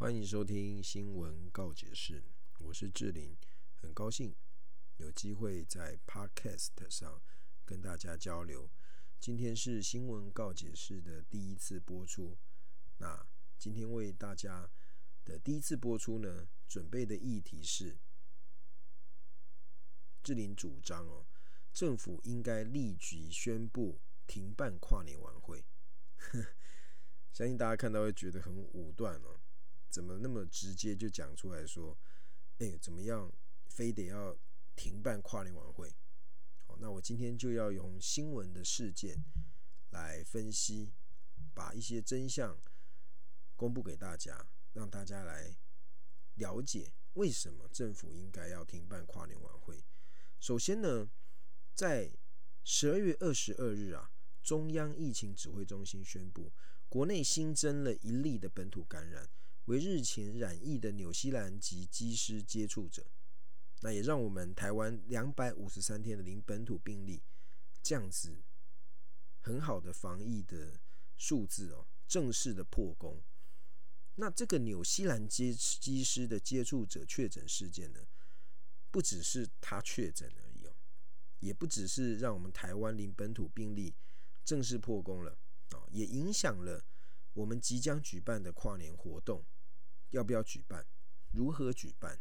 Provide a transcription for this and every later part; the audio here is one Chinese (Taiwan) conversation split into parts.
歡迎收聽《新聞告解室》。我是志霖，很高興有機會在 Podcast 上跟大家交流。今天是《新聞告解室》的第一次播出，那今天為大家的第一次播出呢，準備的議題是志霖主張哦，政府應該立即宣布停辦跨年晚會。呵，相信大家看到會覺得很武斷哦。怎麼那麼直接就講出來說，誒、哎，怎麼樣，非得要停辦跨年晚會？好，那我今天就要用新聞的事件來分析，把一些真相公布給大家，讓大家來了解為什麼政府應該要停辦跨年晚會。首先呢，在十二月二十二日啊，中央疫情指揮中心宣布，國內新增了一例的本土感染，為日前染疫的紐西蘭籍機師接觸者，那也讓我們台灣兩百五十三天的零本土病例，這樣子很好的防疫的數字哦，正式的破功。那這個紐西蘭籍機師的接觸者確診事件呢，不只是他確診而已哦，也不只是讓我們台灣零本土病例正式破功了啊，也影響了我們即將舉辦的跨年活動。要不要舉辦？如何舉辦？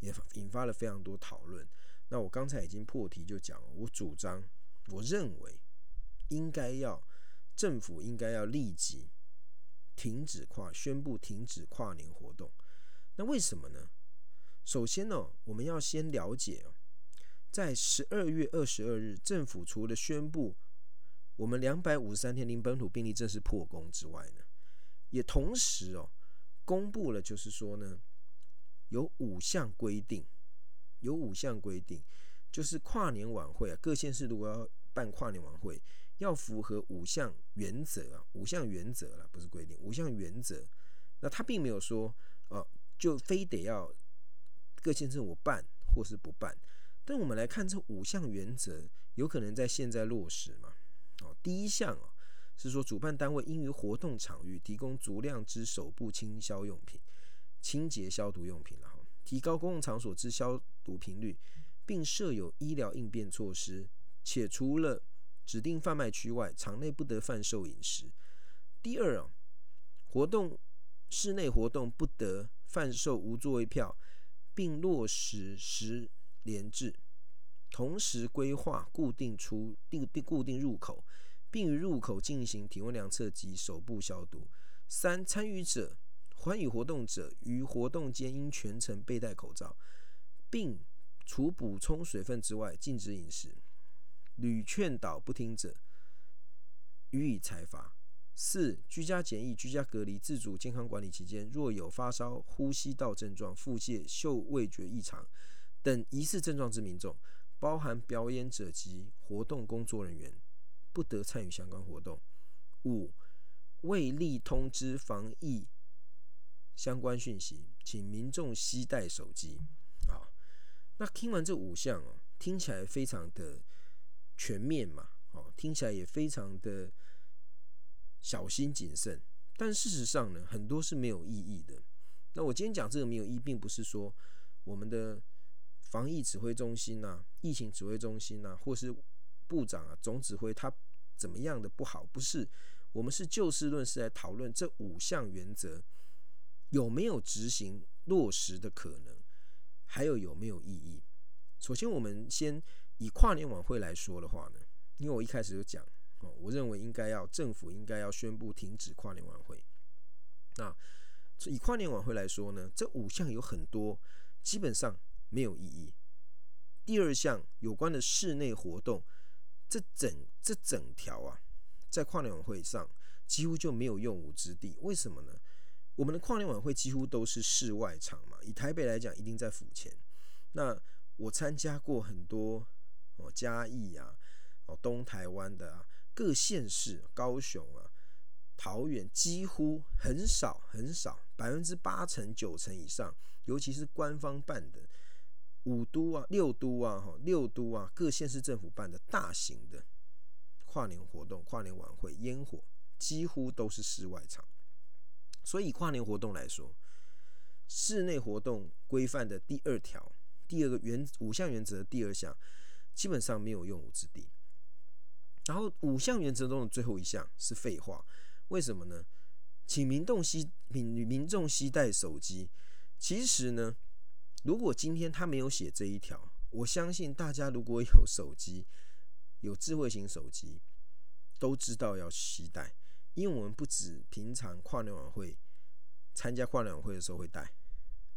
也引發了非常多討論。那我剛才已經破題就了，就講我主張，我認為應該要政府應該要立即停止跨宣布停止跨年活動。那為什麼呢？首先呢、喔，我們要先了解、喔，在十二月二十二日，政府除了宣布我們兩百五十三天零本土病例正式破功之外呢，也同時哦、喔。公布了，就是說呢，有五項規定，有五項規定，就是跨年晚會啊，各縣市如果要辦跨年晚會，要符合五項原則啊，五項原則了、啊，不是規定，五項原則，那他並沒有說，呃、啊，就非得要各縣市政府辦或是不辦，但我們來看這五項原則，有可能在現在落實嘛？哦、啊，第一項啊。是說，主辦單位應於活動場域提供足量之手部清消用品、清潔消毒用品，然後提高公共場所之消毒頻率，並設有醫療應變措施，且除了指定販賣區外，場內不得販售飲食。第二啊，活動室內活動不得販售無座位票，並落實實聯制，同時規劃固定出定固定入口。並於入口進行體溫量測及手部消毒。三、參與者、參與活動者於活動間應全程佩戴口罩，並除補充水分之外，禁止飲食。屢勸導不聽者，予以裁罰。四、居家檢疫、居家隔離、自主健康管理期間，若有發燒、呼吸道症狀、腹瀉、嗅味覺異常等疑似症狀之民眾，包含表演者及活動工作人員，不得參與相關活動。五、為利通知防疫相關訊息，請民眾攜帶手機。好，那聽完這五項哦、喔，聽起來非常的全面嘛，哦，聽起來也非常的小心謹慎。但事實上呢，很多是沒有意義的。那我今天講這個沒有意義，並不是說我們的防疫指揮中心吶、啊、疫情指揮中心吶、啊，或是部長啊、總指揮他。怎麼樣的不好？不是，我們是就事論事來討論這五項原則有沒有執行落實的可能，還有有沒有意義？首先，我們先以跨年晚會來說的話呢，因為我一開始就講，我認為應該要政府應該要宣布停止跨年晚會。那以，以跨年晚會來說呢，這五項有很多基本上沒有意義。第二項有關的室內活動，這整這整條啊，在跨年晚會上幾乎就沒有用武之地。為什麼呢？我們的跨年晚會幾乎都是室外場嘛，以台北來講，一定在府前。那我參加過很多哦嘉義啊、哦東台灣的、啊、各縣市，高雄啊、桃園幾乎很少很少，百分之八成九成以上，尤其是官方辦的。五都啊，六都啊，哈，六都啊，各縣市政府辦的大型的跨年活動、跨年晚會、煙火，幾乎都是室外場。所以，以跨年活動來說，室內活動規範的第二條，第二個原五項原則的第二項，基本上沒有用武之地。然後五項原則中的最後一項是廢話，為什麼呢？請民眾攜民，民眾攜帶手機，其實呢。如果今天他沒有寫這一條，我相信大家如果有手機，有智慧型手機，都知道要攜帶，因為我們不止平常跨年晚會參加跨年晚會的時候會帶，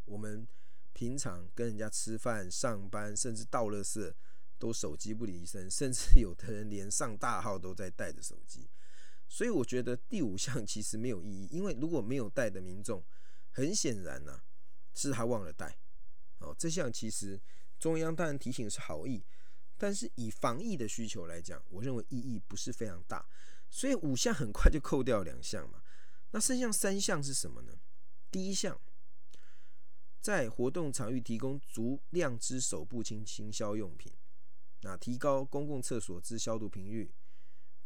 我們平常跟人家吃飯、上班，甚至倒垃圾都手機不離身，甚至有的人連上大號都在帶着手機。所以我覺得第五項其實沒有意義，因為如果沒有帶的民眾，很顯然吶、啊、是他忘了帶。哦，這項其實中央當然提醒是好意，但是以防疫的需求來講，我認為意義不是非常大，所以五項很快就扣掉兩項嘛。那剩下三項是什麼呢？第一項，在活動場域提供足量之手部清潔消用品，那提高公共廁所之消毒頻率，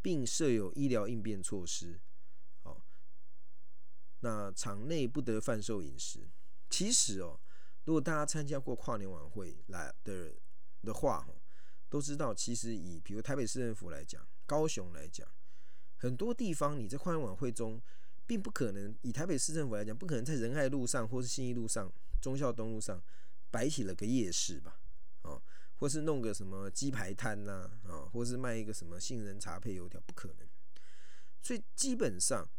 並設有醫療應變措施。哦，那場內不得販售飲食。其實哦。如果大家參加過跨年晚會來的人的話，都知道其實以比如台北市政府來講，高雄來講，很多地方你在跨年晚會中，並不可能。以台北市政府來講，不可能在仁愛路上或是信義路上、忠孝東路上擺起了個夜市吧，啊，或是弄個什麼雞排攤吶，啊，或是賣一個什麼杏仁茶配油條，不可能。所以基本上，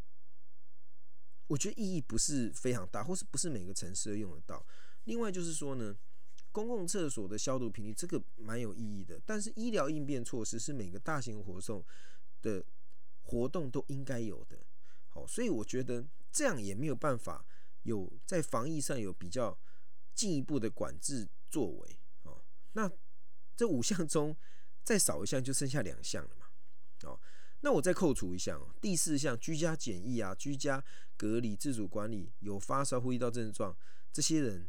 我覺得意義不是非常大，或是不是每個城市都用得到。另外就是說呢，公共廁所的消毒頻率這個蠻有意義的，但是醫療應變措施是每個大型活動的活動都應該有的，哦，所以我覺得這樣也沒有辦法有在防疫上有比較進一步的管制作為哦。那這五項中再少一項就剩下兩項了嘛，哦，那我再扣除一項哦，第四項居家檢疫啊，居家隔離自主管理，有發燒呼吸道症狀這些人。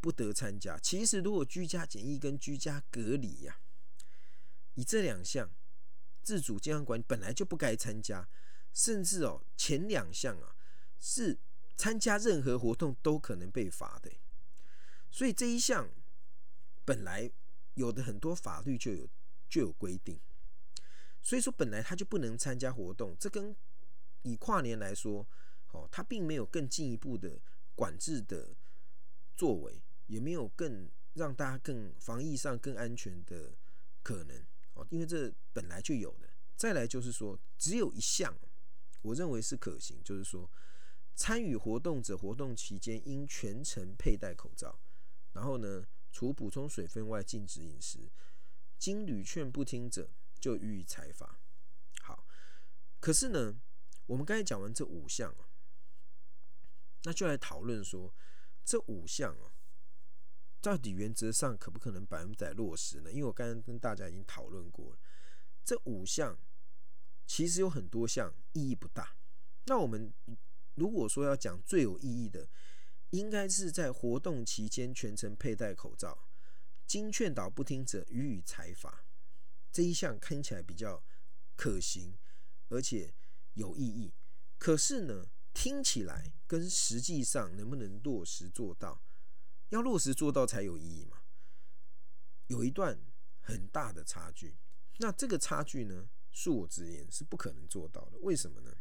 不得參加。其實，如果居家檢疫跟居家隔離呀啊，以這兩項自主健康管理本來就不該參加，甚至哦前兩項啊是參加任何活動都可能被罰的。所以這一項本來有的很多法律就有就有規定，所以說本來他就不能參加活動。這跟以跨年來說，哦，他並沒有更進一步的管制的。作為也沒有更讓大家更防疫上更安全的可能哦，因為這本來就有的。再來就是說，只有一項，我認為是可行，就是說，參與活動者活動期間應全程佩戴口罩，然後呢，除補充水分外禁止飲食，經屢勸不聽者就予以裁罰。好，可是呢，我們剛才講完這五項啊，那就來討論說。這五項啊，到底原則上可不可能百分百落實呢？因為我剛才跟大家已經討論過了，這五項其實有很多項意義不大。那我們如果說要講最有意義的，應該是在活動期間全程佩戴口罩，經勸導不聽者予以裁罰，這一項看起來比較可行，而且有意義。可是呢，聽起來跟實際上能不能落實做到？要落實做到才有意義嘛，有一段很大的差距。那這個差距呢？恕我直言，是不可能做到的。為什麼呢？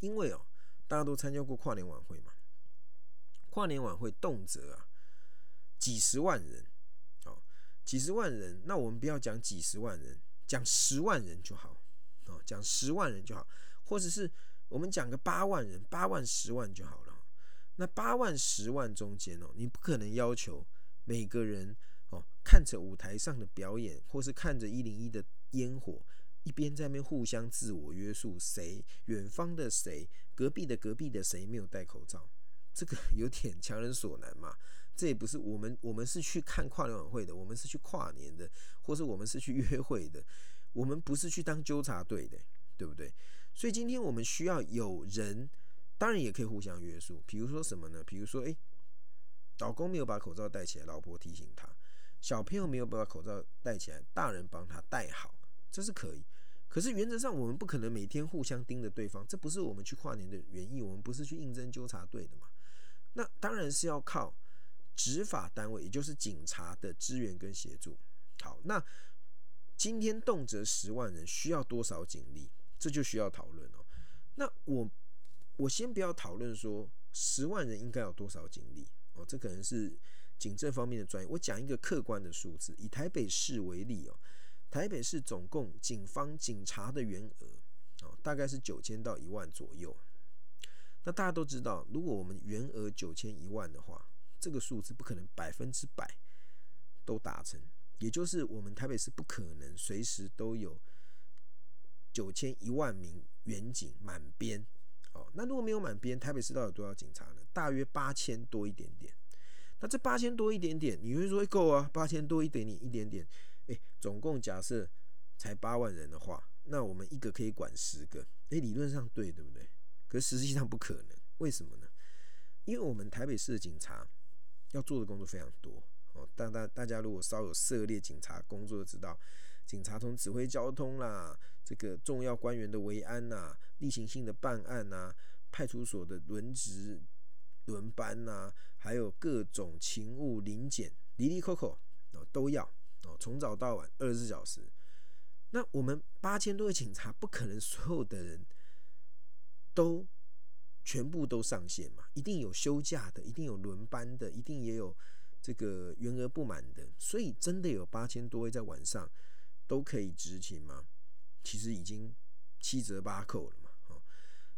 因為哦，大家都參加過跨年晚會嘛，跨年晚會動輒啊幾十萬人，哦，幾十萬人。那我們不要講幾十萬人，講十萬人就好，哦，講十萬人就好，或者是。我們講個八萬人，八萬十萬就好了。那八萬十萬中間哦，你不可能要求每個人哦，看着舞台上的表演，或是看着一零一的煙火，一邊在那邊互相自我約束誰。誰遠方的誰，隔壁的隔壁的誰沒有戴口罩，這個有點強人所難嘛。這也不是我們，我們是去看跨年晚會的，我們是去跨年的，或是我們是去約會的，我們不是去當糾察隊的，對不對？所以今天我們需要有人，當然也可以互相約束。比如說什麼呢？比如說，誒、欸，老公沒有把口罩戴起來，老婆提醒他；小朋友沒有把口罩戴起來，大人幫他戴好，這是可以。可是原則上，我們不可能每天互相盯着對方，這不是我們去跨年的原因，我們不是去應徵糾察隊的嘛？那當然是要靠執法單位，也就是警察的支援跟協助。好，那今天動輒十萬人，需要多少警力？這就需要討論哦。那我我先不要討論說十萬人應該有多少警力哦，這可能是警政方面的專業。我講一個客觀的數字，以台北市為例哦，台北市總共警方警察的員額哦，大概是九千到一萬左右。那大家都知道，如果我們員額九千一萬的話，這個數字不可能百分之百都達成，也就是我們台北市不可能隨時都有。九千一萬名員警滿編，哦，那如果沒有滿編，台北市到底有多少警察呢？大約八千多一點點。那這八千多一點點，你會說夠啊？八千多一點點，一點點，誒、欸，總共假設才八萬人的話，那我們一個可以管十個，誒、欸，理論上對，對不對？可實際上不可能，為什麼呢？因為我們台北市的警察要做的工作非常多哦。大大大家如果稍有涉獵警察工作，知道。警察從指揮交通啦、啊，這個重要官員的維安吶、啊，例行性的辦案吶、啊，派出所的輪值、輪班吶、啊，還有各種勤務臨檢、離離口口哦都要哦，從早到晚二十四小時。那我們八千多位警察不可能所有的人都全部都上線嘛？一定有休假的，一定有輪班的，一定也有這個員額不滿的，所以真的有八千多位在晚上，都可以執勤嗎？其實已經七折八扣了嘛，啊、哦？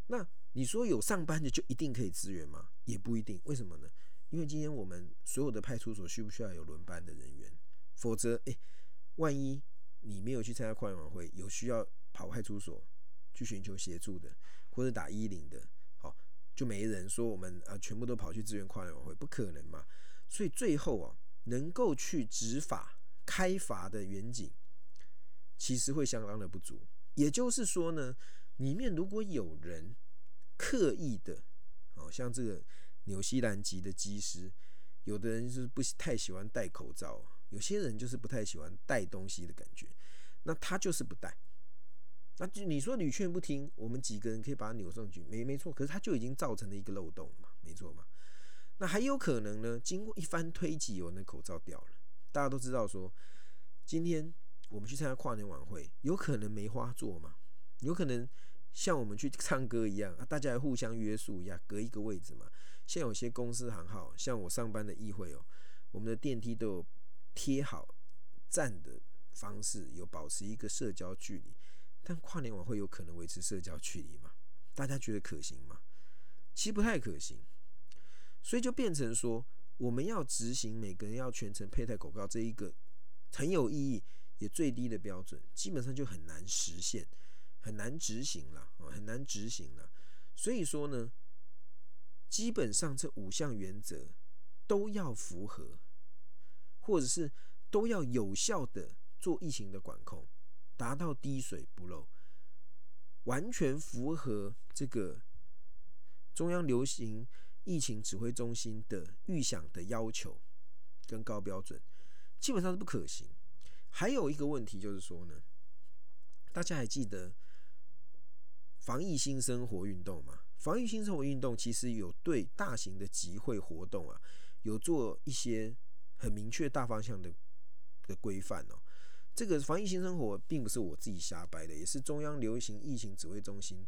那你說有上班的就一定可以支援嗎？也不一定。為什麼呢？因為今天我們所有的派出所需不需要有輪班的人員？否則，誒、欸，萬一你沒有去參加跨年晚會，有需要跑派出所去尋求協助的，或者打一零的，好、哦，就沒人說我們啊，全部都跑去支援跨年晚會，不可能嘛？所以最後啊，能夠去執法開罰的員警。其實會相當的不足，也就是說呢，裡面如果有人刻意的，哦，像這個紐西蘭籍的機師，有的人就是不太喜歡戴口罩，有些人就是不太喜歡戴東西的感覺，那他就是不戴，那就你說屢勸不聽，我們幾個人可以把他扭上去，沒沒錯，可是他就已經造成了一個漏洞了嘛，沒錯嘛，那還有可能呢，經過一番推擠，哦，那口罩掉了，大家都知道說今天。我們去參加跨年晚會，有可能沒花做嘛？有可能像我們去唱歌一樣，大家互相約束一下，隔一個位置嘛。像有些公司行號，像我上班的議會哦、喔，我們的電梯都有貼好站的方式，有保持一個社交距離。但跨年晚會有可能維持社交距離嘛？大家覺得可行嘛？其實不太可行，所以就變成說，我們要執行每個人要全程佩戴口罩這一個很有意義。也最低的標準，基本上就很難實現，很難執行了，很難執行了。所以說呢，基本上這五項原則都要符合，或者是都要有效的做疫情的管控，達到滴水不漏，完全符合這個中央流行疫情指揮中心的預想的要求跟高標準，基本上是不可行。還有一個問題就是說呢，大家還記得防疫新生活運動嗎？防疫新生活運動其實有對大型的集會活動啊，有做一些很明確大方向的的規範哦。這個防疫新生活並不是我自己瞎掰的，也是中央流行疫情指揮中心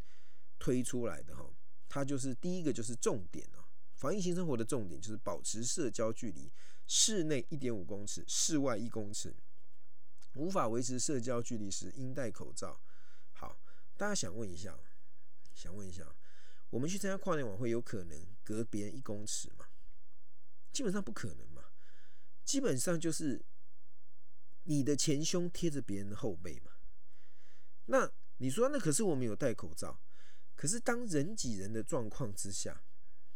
推出來的哈。它就是第一個就是重點哦，防疫新生活的重點就是保持社交距離，室內一點五公尺，室外一公尺。無法維持社交距離時，應戴口罩。好，大家想問一下，想問一下，我們去參加跨年晚會，有可能隔別人一公尺嗎？基本上不可能嘛，基本上就是你的前胸貼着別人的後背嘛。那你說，那可是我們有戴口罩，可是當人擠人的狀況之下，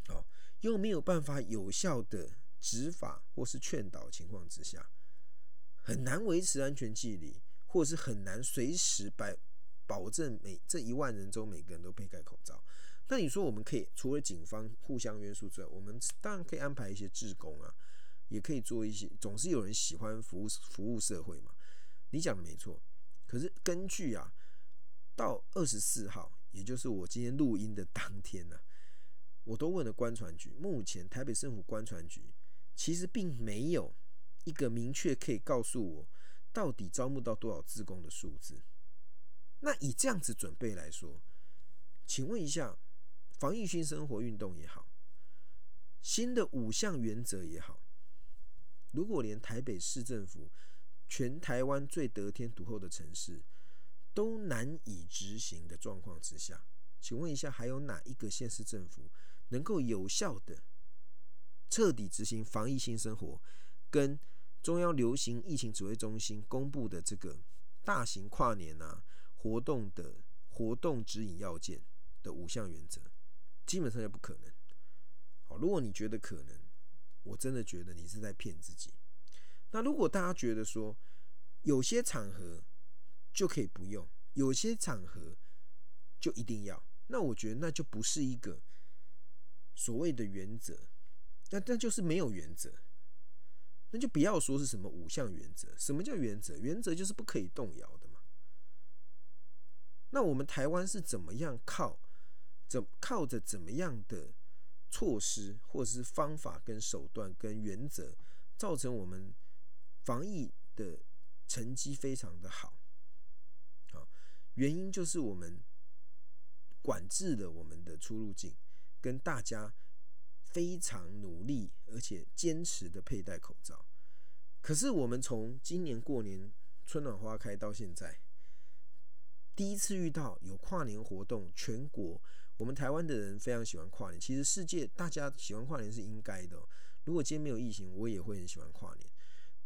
哦，又沒有辦法有效的執法或是勸導情況之下，很難維持安全距離，或者是很難隨時保保證每這一萬人中每個人都佩戴口罩。那你說，我們可以除了警方互相約束之外，我們當然可以安排一些志工啊，也可以做一些。總是有人喜歡服務服務社會嘛。你講的沒錯，可是根據啊，到二十四號，也就是我今天錄音的當天吶、啊，我都問了觀傳局，目前台北政府觀傳局其實並沒有。一個明確可以告訴我到底招募到多少志工的數字。那以這樣子準備來說，請問一下防疫新生活運動也好，新的五項原則也好，如果連台北市政府、全台灣最得天獨厚的城市都難以執行的狀況之下，請問一下，還有哪一個縣市政府能夠有效地徹底執行防疫新生活跟中央流行疫情指揮中心公布的這個大型跨年啊活動的活動指引要件的五項原則，基本上就不可能。好，如果你覺得可能，我真的覺得你是在騙自己。那如果大家覺得說有些場合就可以不用，有些場合就一定要，那我覺得那就不是一個所謂的原則，那那就是沒有原則。那就不要說是什麼五項原則，什麼叫原則？原則就是不可以動搖的嘛。那我們台灣是怎麼樣靠怎靠着怎麼樣的措施或者是方法跟手段跟原則，造成我們防疫的成績非常的好啊。原因就是我們管制了我們的出入境，跟大家。非常努力而且堅持的佩戴口罩，可是我們從今年過年春暖花開到現在，第一次遇到有跨年活動。全國我們台灣的人非常喜歡跨年，其實世界大家喜歡跨年是應該的。如果今天沒有疫情，我也會很喜歡跨年。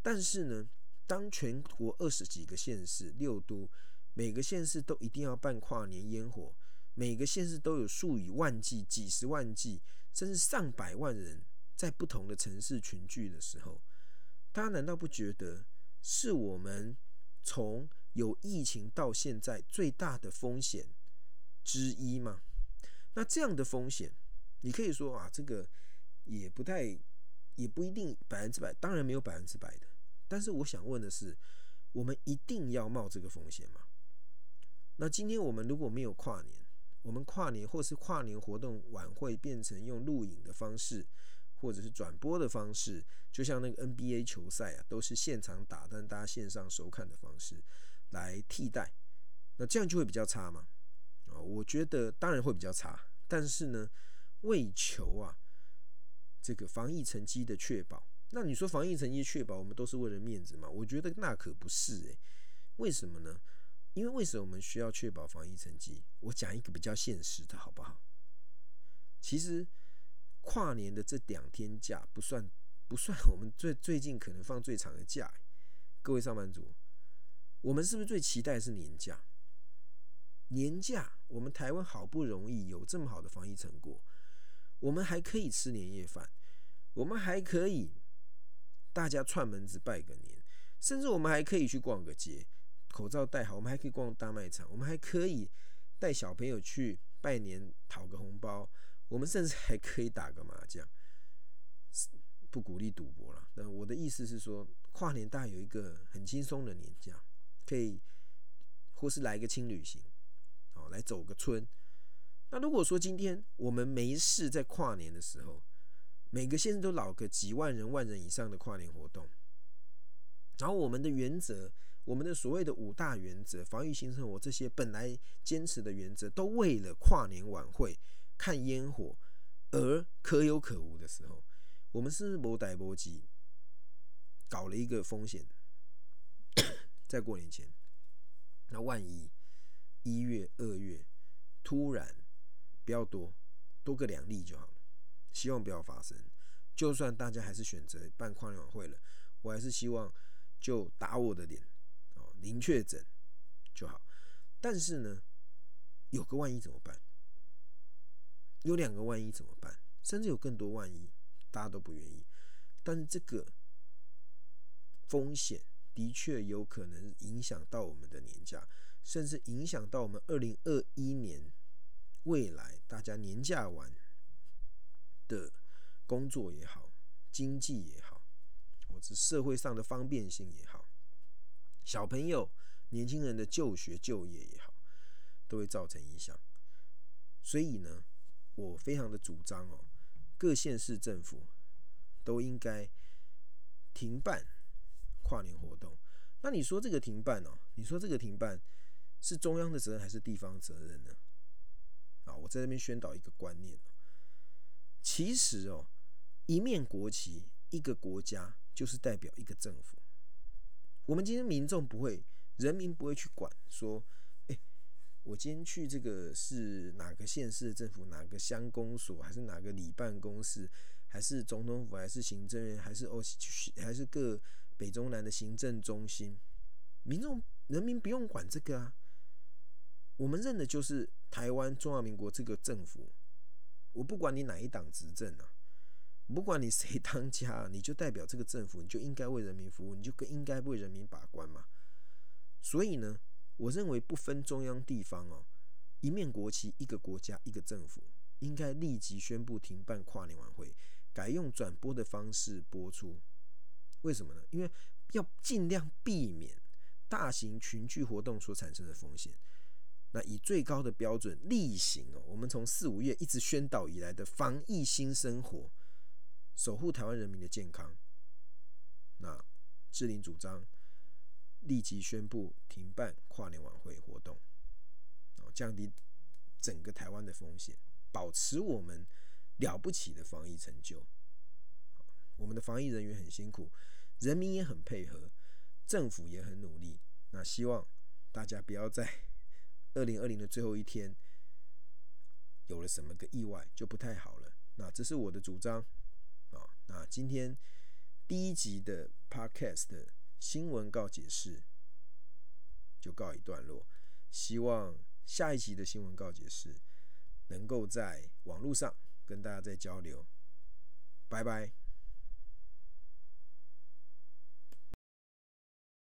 但是呢，當全國二十幾個縣市，六都，每個縣市都一定要辦跨年煙火。每個縣市都有數以萬計、幾十萬計，甚至上百萬人在不同的城市群聚的時候，大家難道不覺得是我們從有疫情到現在最大的風險之一嗎？那這樣的風險，你可以說啊，這個也不太，也不一定百分之百，當然沒有百分之百的。但是我想問的是，我們一定要冒這個風險嗎？那今天我們如果沒有跨年，我們跨年或是跨年活動晚會變成用錄影的方式，或者是轉播的方式，就像那個 NBA 球賽啊，都是現場打，但大家線上收看的方式來替代，那這樣就會比較差嗎？啊，我覺得當然會比較差，但是呢，為求啊這個防疫成績的確保，那你說防疫成績確保，我們都是為了面子嘛？我覺得那可不是誒、欸，為什麼呢？因為為什麼我們需要確保防疫成績？我講一個比較現實的好不好？其實跨年的這兩天假不算不算，我們最最近可能放最長的假。各位上班族，我們是不是最期待是年假？年假，我們台灣好不容易有這麼好的防疫成果，我們還可以吃年夜飯，我們還可以大家串門子拜個年，甚至我們還可以去逛個街。口罩戴好，我們還可以逛大賣場，我們還可以帶小朋友去拜年討個紅包，我們甚至還可以打個麻將。不鼓勵賭博了，那我的意思是說，跨年大概有一個很輕鬆的年假，可以或是來個輕旅行，來走個春。那如果說今天我們沒事，在跨年的時候，每個縣市都搞個幾萬人、萬人以上的跨年活動，然後我們的原則。我們的所謂的五大原則、防疫新生活，這些本來堅持的原則，都為了跨年晚會看煙火而可有可無的時候，我們是某膽搏機搞了一個風險，在過年前，那萬一一月、二月突然不要多，多個兩例就好了，希望不要發生。就算大家還是選擇辦跨年晚會了，我還是希望就打我的臉。零確診就好，但是呢，有個萬一怎麼辦？有兩個萬一怎麼辦？甚至有更多萬一，大家都不願意。但是這個風險的確有可能影響到我們的年假，甚至影響到我們二零二一年未來大家年假完的工作也好，經濟也好，或者社會上的方便性也好。小朋友、年輕人的就學、就業也好，都會造成影響。所以呢，我非常的主張哦，各縣市政府都應該停辦跨年活動。那你說這個停辦哦，你說這個停辦是中央的責任還是地方的責任呢？啊，我在這邊宣導一個觀念，其實哦，一面國旗、一個國家就是代表一個政府。我們今天民眾不會，人民不會去管說，哎、欸，我今天去這個是哪個縣市政府，哪個鄉公所，還是哪個里辦公室，還是總統府，還是行政院，還是哦，還是各北中南的行政中心？民眾人民不用管這個啊，我們認的就是台灣中華民國這個政府，我不管你哪一黨執政啊。不管你誰當家，你就代表這個政府，你就應該為人民服務，你就更應該為人民把關嘛。所以呢，我認為不分中央地方哦，一面國旗，一個國家，一個政府，應該立即宣布停辦跨年晚會，改用轉播的方式播出。為什麼呢？因為要盡量避免大型群聚活動所產生的風險。那以最高的標準，例行哦，我們從四五月一直宣導以來的防疫新生活。守護台灣人民的健康，那志霖主張立即宣布停辦跨年晚會活動，啊，降低整個台灣的風險，保持我們了不起的防疫成就。我們的防疫人員很辛苦，人民也很配合，政府也很努力。那希望大家不要在二零二零的最後一天有了什麼個意外，就不太好了。那這是我的主張。啊，那今天第一集的 Podcast 的新聞告解室就告一段落，希望下一集的新聞告解室能夠在網絡上跟大家再交流。拜拜。